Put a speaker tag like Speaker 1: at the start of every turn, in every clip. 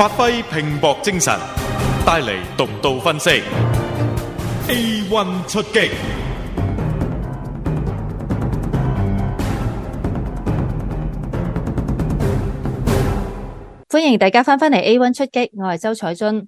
Speaker 1: 發揮拼搏精神，帶嚟獨到分析。A one 出擊，歡迎大家翻返嚟，A one 出擊，我係周采蓁。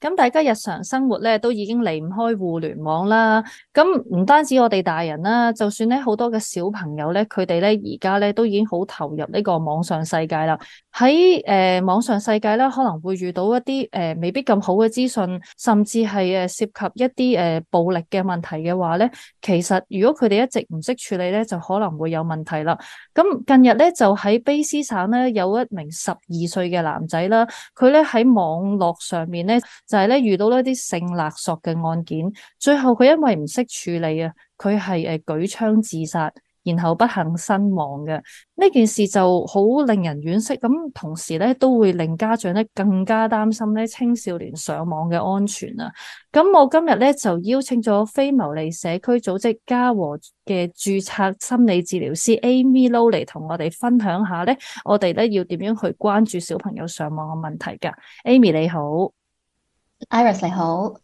Speaker 1: 咁大家日常生活咧都已經離唔開互聯網啦。咁唔單止我哋大人啦，就算咧好多嘅小朋友咧，佢哋咧而家咧都已經好投入呢個網上世界啦。喺誒、呃、網上世界啦，可能會遇到一啲、呃、未必咁好嘅資訊，甚至係涉及一啲、呃、暴力嘅問題嘅話咧，其實如果佢哋一直唔識處理咧，就可能會有問題啦。咁近日呢，就喺卑詩省咧有一名十二歲嘅男仔啦，佢咧喺網絡上面呢，就係咧遇到一啲性勒索嘅案件，最後佢因為唔識處理啊，佢係誒舉槍自殺，然後不幸身亡嘅。呢件事就好令人惋惜，咁同時咧都會令家長咧更加擔心咧青少年上網嘅安全啊。咁我今日咧就邀請咗非牟利社區組織家和嘅註冊心理治療師 Amy Lo 嚟同我哋分享下咧，我哋咧要點樣去關注小朋友上網嘅問題噶？Amy，你好。Iris 你好，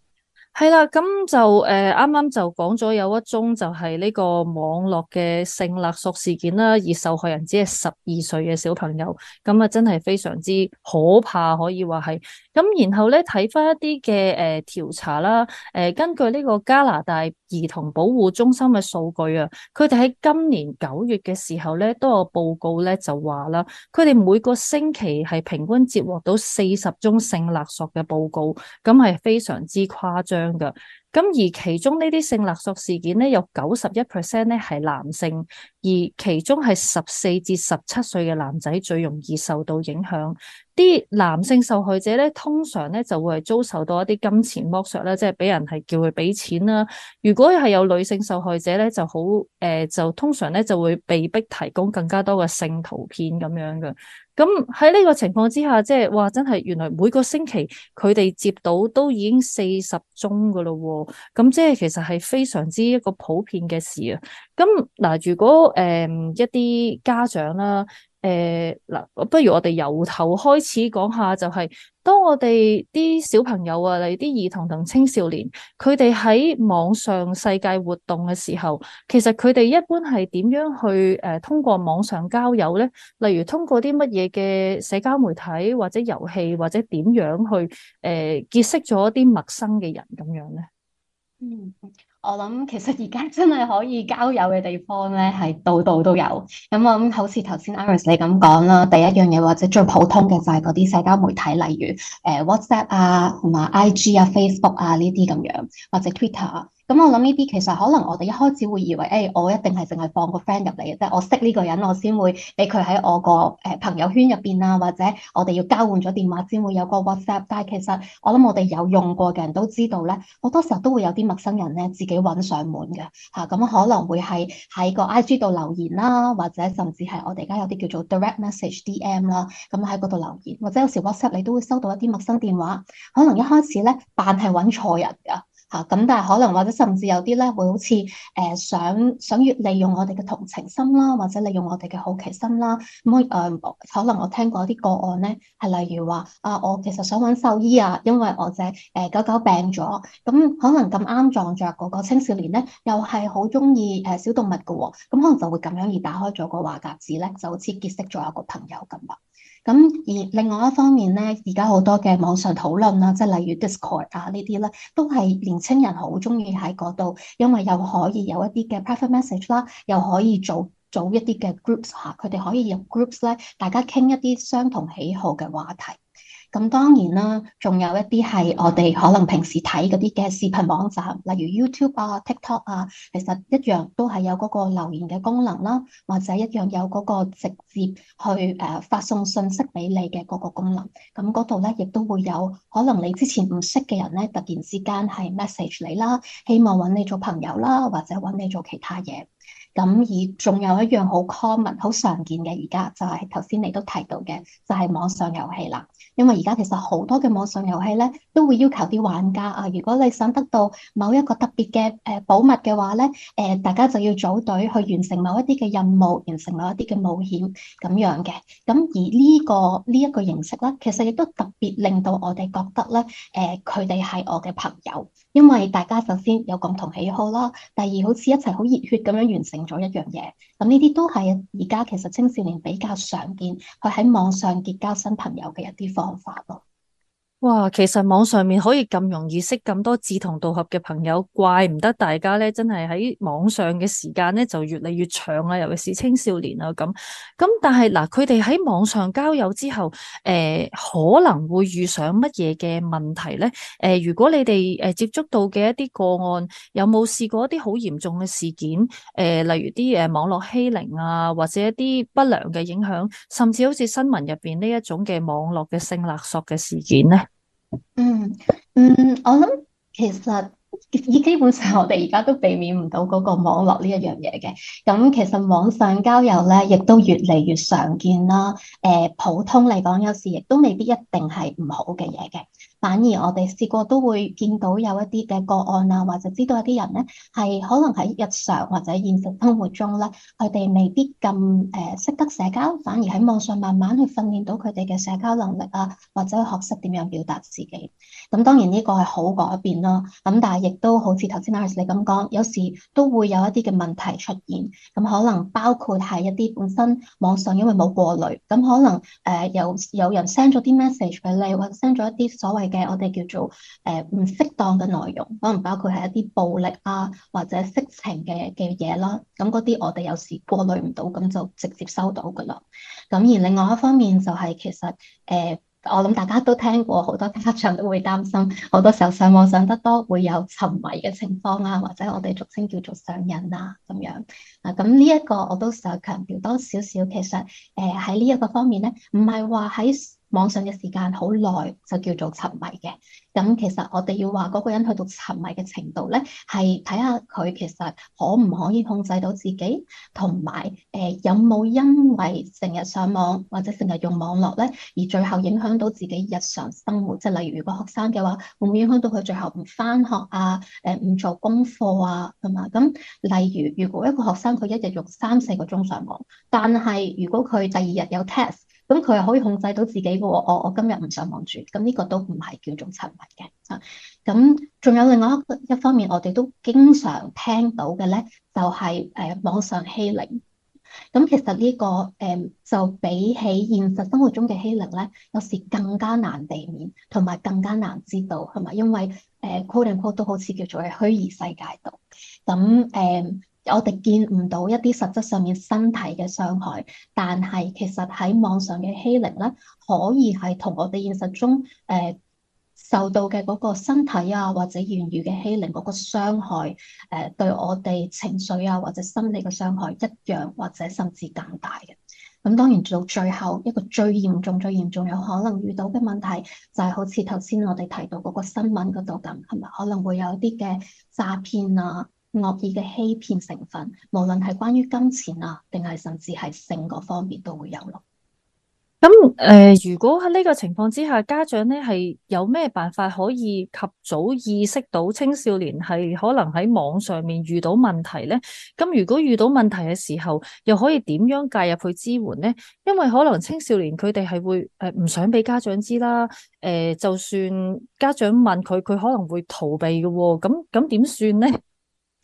Speaker 1: 係啦，咁就誒，啱、呃、啱就講咗有一宗就係呢個網絡嘅性勒索事件啦，而受害人只係十二歲嘅小朋友，咁啊真係非常之可怕，可以話係。咁然後咧睇翻一啲嘅誒調查啦，誒根據呢個加拿大兒童保護中心嘅數據啊，佢哋喺今年九月嘅時候咧，都有報告咧就話啦，佢哋每個星期係平均接獲到四十宗性勒索嘅報告，咁係非常之誇張㗎。咁而其中呢啲性勒索事件咧，有九十一 percent 咧係男性，而其中係十四至十七歲嘅男仔最容易受到影響。啲男性受害者咧，通常咧就會係遭受到一啲金錢剝削啦，即係俾人係叫佢俾錢啦。如果係有女性受害者咧，就好誒，就通常咧就會被逼提供更加多嘅性圖片咁樣嘅。咁喺呢個情況之下，即係哇，真係原來每個星期佢哋接到都已經四十宗㗎喇喎，咁即係其實係非常之一個普遍嘅事啊。咁嗱，如果誒、呃、一啲家長啦、啊。誒，嗱、呃，不如我哋由頭開始講下，就是，就係當我哋啲小朋友啊，例如啲兒童同青少年，佢哋喺網上世界活動嘅時候，其實佢哋一般係點樣去誒、呃、通過網上交友咧？例如通過啲乜嘢嘅社交媒體或者遊戲或者點樣去誒、呃、結識咗一啲陌
Speaker 2: 生嘅人咁樣咧？嗯。我諗其實而家真係可以交友嘅地方呢，係度度都有。咁我諗好似頭先 Iris 你咁講啦，第一樣嘢或者最普通嘅就係嗰啲社交媒體，例如誒 WhatsApp 啊，同埋 IG 啊、Facebook 啊呢啲咁樣，或者 Twitter 啊。咁我諗呢啲其實可能我哋一開始會以為，誒、欸、我一定係淨係放個 friend 入嚟嘅，即係我識呢個人，我先會俾佢喺我個誒朋友圈入邊啊，或者我哋要交換咗電話先會有個 WhatsApp。但係其實我諗我哋有用過嘅人都知道咧，好多時候都會有啲陌生人咧自己揾上門嘅嚇，咁、啊、可能會係喺個 IG 度留言啦，或者甚至係我哋而家有啲叫做 Direct Message DM 啦、啊，咁喺嗰度留言，或者有時 WhatsApp 你都會收到一啲陌生電話，可能一開始咧扮係揾錯人嘅。吓咁，但係可能或者甚至有啲咧會好似誒、呃、想想要利用我哋嘅同情心啦，或者利用我哋嘅好奇心啦。咁、嗯、誒、呃，可能我聽過啲個案咧，係例如話啊，我其實想搵獸醫啊，因為我隻誒、呃、狗狗病咗。咁、嗯、可能咁啱撞着嗰個青少年咧，又係好中意誒小動物噶、哦，咁、嗯、可能就會咁樣而打開咗個話匣子咧，就好似結識咗一個朋友咁啊。咁而另外一方面咧，而家好多嘅網上討論啦，即係例如 Discord 啊呢啲咧，都係年青人好鍾意喺嗰度，因為又可以有一啲嘅 private message 啦，又可以做做一啲嘅 groups 吓，佢哋可以入 groups 咧，大家傾一啲相同喜好嘅話題。咁當然啦，仲有一啲係我哋可能平時睇嗰啲嘅視頻網站，例如 YouTube 啊、TikTok 啊，其實一樣都係有嗰個留言嘅功能啦，或者一樣有嗰個直接去誒發送信息俾你嘅嗰個功能。咁嗰度咧，亦都會有可能你之前唔識嘅人咧，突然之間係 message 你啦，希望揾你做朋友啦，或者揾你做其他嘢。咁而仲有一樣好 common、好常見嘅而家就係頭先你都提到嘅，就係、是、網上遊戲啦。因為而家其實好多嘅網上遊戲咧，都會要求啲玩家啊，如果你想得到某一個特別嘅誒寶物嘅話咧，誒、呃、大家就要組隊去完成某一啲嘅任務，完成某一啲嘅冒險咁樣嘅。咁而呢、這個呢一、這個形式咧，其實亦都特別令到我哋覺得咧，誒佢哋係我嘅朋友，因為大家首先有共同喜好啦，第二好似一齊好熱血咁樣完成。咗一樣嘢，咁呢啲都係而家其實青少年比較常見，佢喺網上結交新朋友嘅一啲方法咯。
Speaker 1: 哇，其實網上面可以咁容易識咁多志同道合嘅朋友，怪唔得大家咧，真係喺網上嘅時間咧就越嚟越長啊！尤其是青少年啊，咁咁，但係嗱，佢哋喺網上交友之後，誒、呃、可能會遇上乜嘢嘅問題咧？誒、呃，如果你哋誒接觸到嘅一啲個案，有冇試過一啲好嚴重嘅事件？誒、呃，例如啲誒網絡欺凌啊，或者一啲不良嘅影響，甚至好似新聞入邊呢一種嘅網絡嘅性勒索嘅事件咧？
Speaker 2: 嗯嗯，我諗其實已基本上我哋而家都避免唔到嗰個網絡呢一樣嘢嘅。咁其實網上交友咧，亦都越嚟越常見啦。誒、呃，普通嚟講，有時亦都未必一定係唔好嘅嘢嘅。反而我哋試過都會見到有一啲嘅個案啊，或者知道一啲人咧，係可能喺日常或者現實生活中咧、啊，佢哋未必咁誒識得社交，反而喺網上慢慢去訓練到佢哋嘅社交能力啊，或者去學識點樣表達自己。咁當然呢個係好改變咯，咁但係亦都好似頭先阿 u 你咁講，有時都會有一啲嘅問題出現，咁可能包括係一啲本身網上因為冇過濾，咁可能誒、呃、有有人 send 咗啲 message 俾你，或者 send 咗一啲所謂嘅。誒，我哋叫做誒唔適當嘅內容，可能包括係一啲暴力啊，或者色情嘅嘅嘢啦。咁嗰啲我哋有時過濾唔到，咁就直接收到噶啦。咁而另外一方面就係其實誒，我諗大家都聽過，好多家長都會擔心，好多時候上網上得多會有沉迷嘅情況啊，或者我哋俗稱叫做上癮啊咁樣。啊，咁呢一個我都想強調多少少，其實誒喺呢一個方面咧，唔係話喺網上嘅時間好耐就叫做沉迷嘅，咁其實我哋要話嗰個人去到沉迷嘅程度咧，係睇下佢其實可唔可以控制到自己，同埋誒有冇、呃、因為成日上網或者成日用網絡咧，而最後影響到自己日常生活。即係例如，如果學生嘅話，會唔會影響到佢最後唔返學啊？誒、呃、唔做功課啊？係嘛？咁例如，如果一個學生佢一日用三四個鐘上網，但係如果佢第二日有 test。咁佢係可以控制到自己嘅喎，我我今日唔上網住，咁呢個都唔係叫做沉迷嘅。咁仲有另外一一方面，我哋都經常聽到嘅咧，就係誒網上欺凌。咁其實呢個誒就比起現實生活中嘅欺凌咧，有時更加難避免，同埋更加難知道，係咪？因為誒，call and call 都好似叫做喺虛擬世界度。咁誒。呃我哋見唔到一啲實質上面身體嘅傷害，但係其實喺網上嘅欺凌咧，可以係同我哋現實中誒、呃、受到嘅嗰個身體啊或者言語嘅欺凌嗰個傷害誒、呃、對我哋情緒啊或者心理嘅傷害一樣或者甚至更大嘅。咁當然到最後一個最嚴重最嚴重有可能遇到嘅問題就係、是、好似頭先我哋提到嗰個新聞嗰度咁，係咪可能會有一啲嘅詐騙啊？惡意嘅欺騙成分，無論係關於金錢啊，定係甚至係性嗰方面，都會有咯。
Speaker 1: 咁誒、呃，如果喺呢個情況之下，家長咧係有咩辦法可以及早意識到青少年係可能喺網上面遇到問題咧？咁如果遇到問題嘅時候，又可以點樣介入去支援咧？因為可能青少年佢哋係會誒唔、呃、想俾家長知啦。誒、呃，就算家長問佢，佢可能會逃避嘅、哦。咁咁點算咧？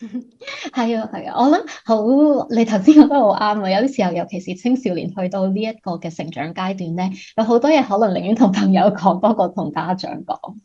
Speaker 2: 係啊，係啊， 我諗好，你頭先講得好啱啊！有啲時候，尤其是青少年去到呢一個嘅成長階段咧，有好多嘢可能寧願同朋友講，多過同家長講。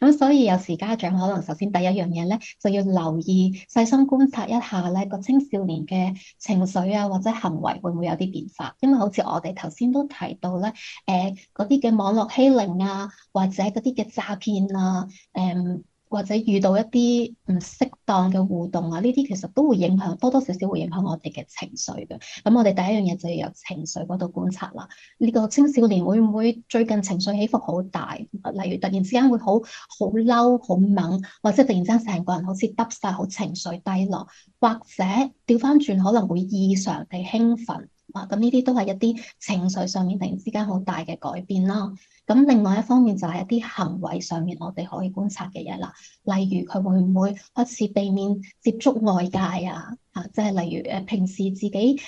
Speaker 2: 咁所以有時家長可能首先第一樣嘢咧，就要留意細心觀察一下咧個青少年嘅情緒啊，或者行為會唔會有啲變化？因為好似我哋頭先都提到咧，誒嗰啲嘅網絡欺凌啊，或者嗰啲嘅詐騙啊，誒、呃。或者遇到一啲唔適當嘅互動啊，呢啲其實都會影響，多多少少會影響我哋嘅情緒嘅。咁我哋第一樣嘢就要由情緒嗰度觀察啦。呢個青少年會唔會最近情緒起伏好大？例如突然之間會好好嬲、好猛，或者突然之間成個人好似耷晒，好情緒低落，或者調翻轉可能會異常地興奮。啊，咁呢啲都係一啲情緒上面突然之間好大嘅改變咯。咁另外一方面就係一啲行為上面我哋可以觀察嘅嘢啦。例如佢會唔會開始避免接觸外界啊？啊，即係例如誒，平時自己誒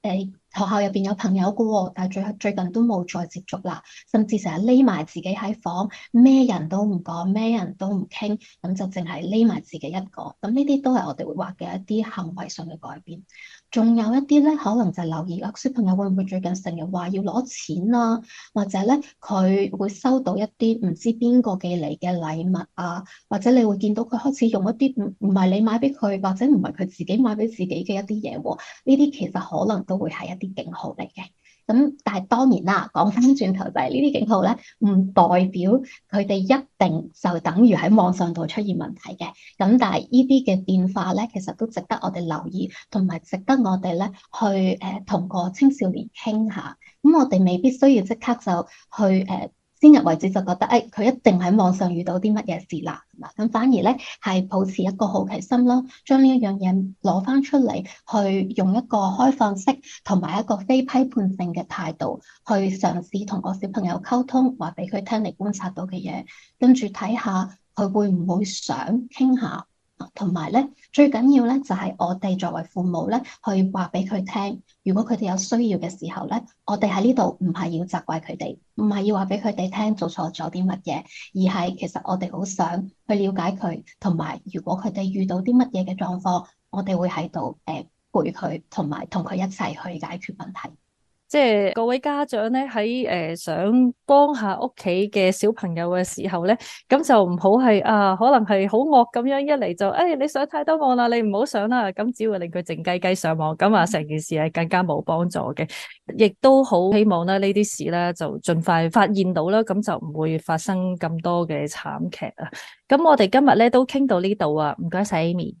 Speaker 2: 誒學校入邊有朋友嘅喎，但係最最近都冇再接觸啦。甚至成日匿埋自己喺房，咩人都唔講，咩人都唔傾，咁就淨係匿埋自己一個。咁呢啲都係我哋會話嘅一啲行為上嘅改變。仲有一啲咧，可能就留意啊，小朋友會唔會最近成日話要攞錢啊，或者咧佢會收到一啲唔知邊個寄嚟嘅禮物啊，或者你會見到佢開始用一啲唔唔係你買俾佢，或者唔係佢自己買俾自己嘅一啲嘢喎，呢啲其實可能都會係一啲警號嚟嘅。咁但係當然啦，講翻轉頭就係呢啲警號咧，唔代表佢哋一定就等於喺網上度出現問題嘅。咁但係呢啲嘅變化咧，其實都值得我哋留意，同埋值得我哋咧去誒同、呃、個青少年傾下。咁我哋未必需要即刻就去誒，呃先入為主就覺得，誒佢一定喺網上遇到啲乜嘢事啦，係嘛？咁反而咧係抱持一個好奇心咯，將呢一樣嘢攞翻出嚟，去用一個開放式同埋一個非批判性嘅態度，去嘗試同個小朋友溝通，話俾佢聽你觀察到嘅嘢，跟住睇下佢會唔會想傾下。同埋咧，最緊要咧就係我哋作為父母咧，去話俾佢聽，如果佢哋有需要嘅時候咧，我哋喺呢度唔係要責怪佢哋，唔係要話俾佢哋聽做錯咗啲乜嘢，而係其實我哋好想去了解佢，同埋如果佢哋遇到啲乜嘢嘅狀況，我哋會喺度誒陪佢，同埋同佢一齊去解決問題。
Speaker 1: 即係各位家長咧喺誒想幫下屋企嘅小朋友嘅時候咧，咁就唔好係啊，可能係好惡咁樣一嚟就誒、哎、你上太多網啦，你唔好上啦，咁只會令佢靜雞雞上網，咁啊成件事係更加冇幫助嘅，亦都好希望咧呢啲事咧就盡快發現到啦，咁就唔會發生咁多嘅慘劇啊！咁我哋今日咧都傾到呢度啊，唔該晒 Amy。